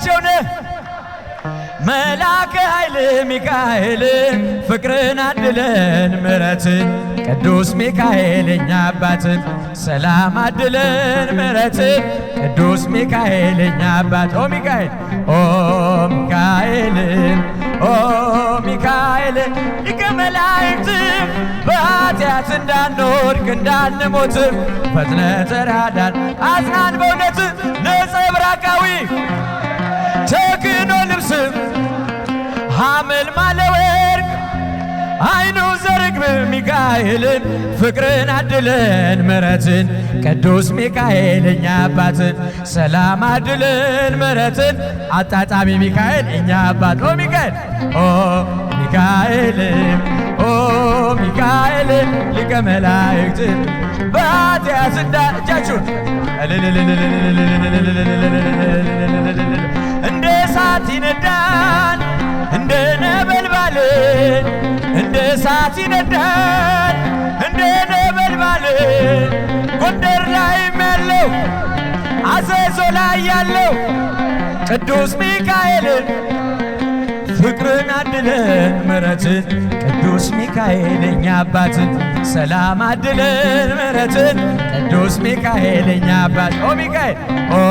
ልጃቸው ነህ መላከ ኃይል ሚካኤል ፍቅርን አድለን ምረትን ቅዱስ ሚካኤል እኛ አባትን ሰላም አድለን ምረትን ቅዱስ ሚካኤል እኛ አባት ኦ ሚካኤል ኦ ሚካኤል ኦ ሚካኤል ሊቀ መላእክት በኃጢአት እንዳንወድቅ እንዳንሞት ፈጥነ ተራዳን አጽናን በእውነት ነጸብራቃ መልማለ ወርቅ አይኑ ዘርግ ሚካኤልን ፍቅርን አድለን ምረትን ቅዱስ ሚካኤል እኛ አባትን ሰላም አድለን ምረትን አጣጣሚ ሚካኤል እኛ አባት ኦ ሚካኤል ኦ ሚካኤል ኦ ሚካኤል ሊቀ መላእክት በኃጢአት እንዳ እጃችሁን እንደ እሳት ይነዳ እሳት ይነዳል እንደ ነበልባል ጎንደር ላይም ያለው አዘዞ ላይ ያለው ቅዱስ ሚካኤልን ፍቅርን አድለን ምረትን ቅዱስ ሚካኤል እኛ አባትን ሰላም አድለን ምረትን ቅዱስ ሚካኤል እኛ አባት ኦ ሚካኤል ኦ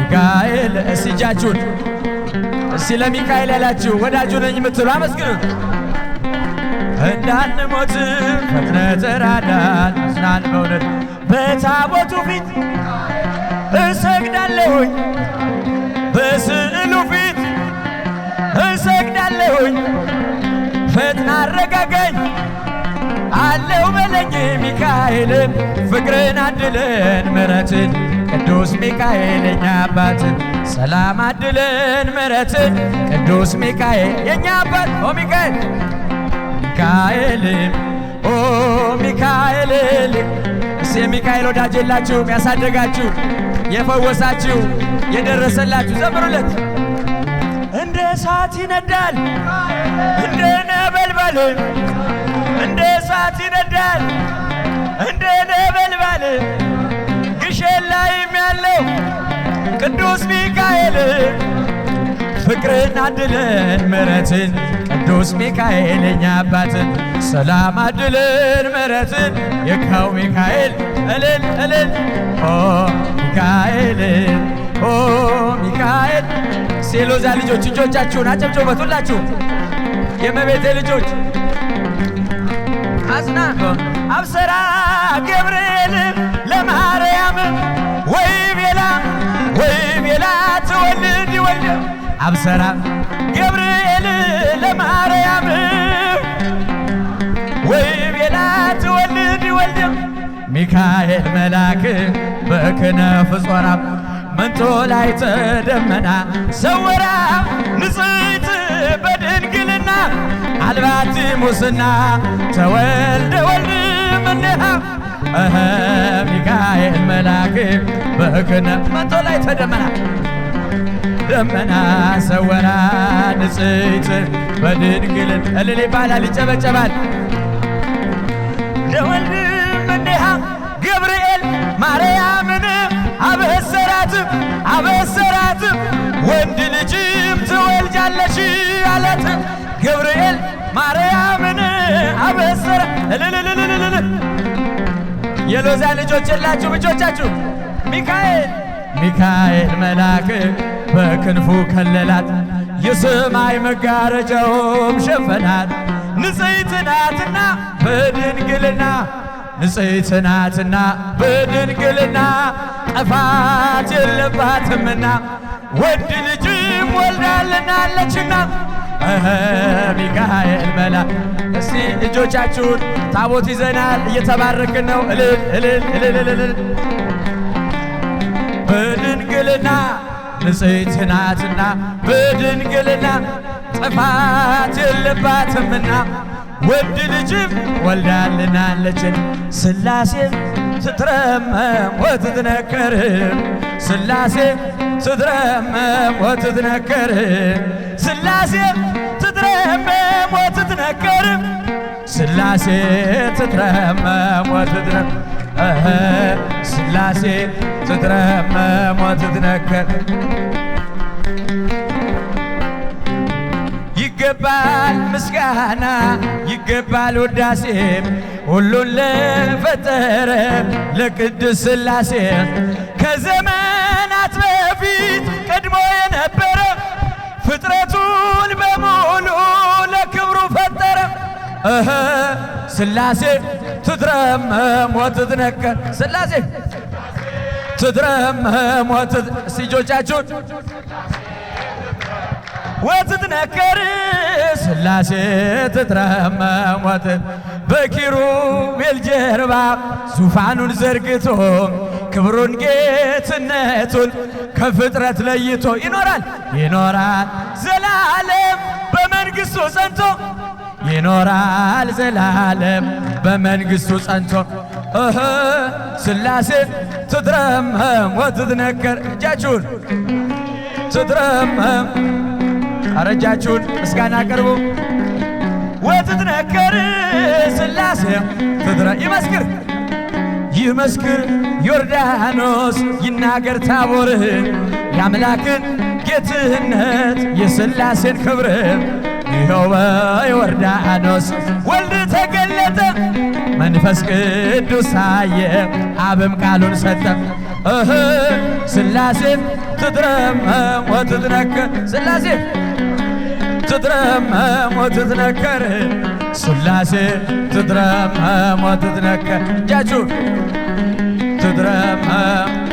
ሚካኤል እስጃችሁን እስቲ ለሚካኤል ያላችሁ ወዳጁ ነኝ የምትሉ አመስግኑት። እንዳንሞት ፈጥነ ተራዳን አዝናን በእውነት በታቦቱ ፊት እሰግዳለሁኝ በስዕሉ ፊት እሰግዳለሁኝ ፈጥና አረጋገኝ አለው በለኝ ሚካኤልን ፍቅርን አድለን ምረትን ቅዱስ ሚካኤል የኛ አባትን ሰላም አድለን ምረትን ቅዱስ ሚካኤል የኛ አባት ሚካኤል ሚካኤል ኦ ሚካኤል እስ የሚካኤል ወዳጅ የላችሁ ያሳደጋችሁ፣ የፈወሳችሁ፣ የደረሰላችሁ ዘምሩለት። እንደ እሳት ይነዳል እንደ ነበልባል እንደ እሳት ይነዳል እንደ ነበልባል ግሸን ላይም ያለው ቅዱስ ሚካኤል ፍቅርን አድልን ምረትን ቅዱስ ሚካኤል እኛ አባትን ሰላም አድልን ምረትን የካው ሚካኤል እልል እልል ኦ ሚካኤል ኦ ሚካኤል ሴሎዛ ልጆች እጆቻችሁን አጨብጭቡበት በቱላችሁ የመቤቴ ልጆች አጽና አብሰራ ገብርኤል አብሰራ ገብርኤል ለማርያም ወይ ቤላ ትወልድ ወልድ ሚካኤል መላክ በክነፍ ጾራ መንቶ ላይ ተደመና ሰወራ ንጽት በድንግልና አልባት ሙስና ተወልደ ወልድ ምንሃ ሚካኤል መላክ በክነ መንቶ ላይ ተደመና ደመና ሰወራ ንጽሕት በድንግልን እልል ይባላል ይጨበጨባል። ለወልድ እምኔሃ ገብርኤል ማርያምን አበሰራት አበሰራት ወንድ ልጅም ትወልጃለሽ አላት። ገብርኤል ማርያምን አበሰራ እልልልልልል የሎዛ ልጆች የላችሁ ብጆቻችሁ ሚካኤል ሚካኤል መልአክ በክንፉ ከለላት፣ የሰማይ መጋረጃውም ሸፈናት። ንጽሕት ናትና በድንግልና ንጽሕት ናትና በድንግልና ጥፋት የለባትምና ወንድ ልጅም ወልዳልናለችና ሚካኤል መላ እስቲ እጆቻችሁን ታቦት ይዘናል እየተባረክን ነው እልል እልል እልል እልል ንጽሕት ናትና በድንግልና ጥፋት የለባትምና ወድ ልጅም ወልዳልናለችን ስላሴ ስትረመም ወትትነከር ሥላሴ ስትረመም ወትትነከር ሥላሴ ስትረመም ወትትነከር ሥላሴ ስትረመም ወትትነከር ሥላሴ ስትረመም ስትነከር ይገባል ምስጋና ይገባል ውዳሴም ሁሉን ለፈጠረ ለቅዱስ ሥላሴ ከዘመናት በፊት ቀድሞ የነበረ ፍጥረቱን በሙሉ ለክብሩ ፈጠረ ሥላሴ ትትረመም ወትትነከር ሥላሴ ትትረመም ሲጆቻችሁን ወትትነከር ሥላሴ ትትረመም ወት በኪሩቤል ጀርባ ዙፋኑን ዘርግቶ ክብሩን ጌትነቱን ከፍጥረት ለይቶ ይኖራል ይኖራል ዘላለም በመንግሥቱ ጸንቶ ይኖራል ዘላለም በመንግሥቱ ጸንቶ ስላሴ ትትረመም ወትትነከር እጃችሁን ትትረመም አረ ምስጋና አቅርቡ። ወትትነከር ሥላሴ ትትረ ይመስክር ይመስክር ዮርዳኖስ ይናገር ታቦር የአምላክን ጌትነት የሥላሴን ክብር ይኸው በዮርዳኖስ ወልድ ተገለጠ መንፈስ ቅዱስ አየ አብም ቃሉን ሰጠ እህ ሥላሴ ትትረመም ወትትነከር ሥላሴ ትትረመም ወትትነከር ሥላሴ ትትረመም ወትትነከር እጃችሁ ትትረመም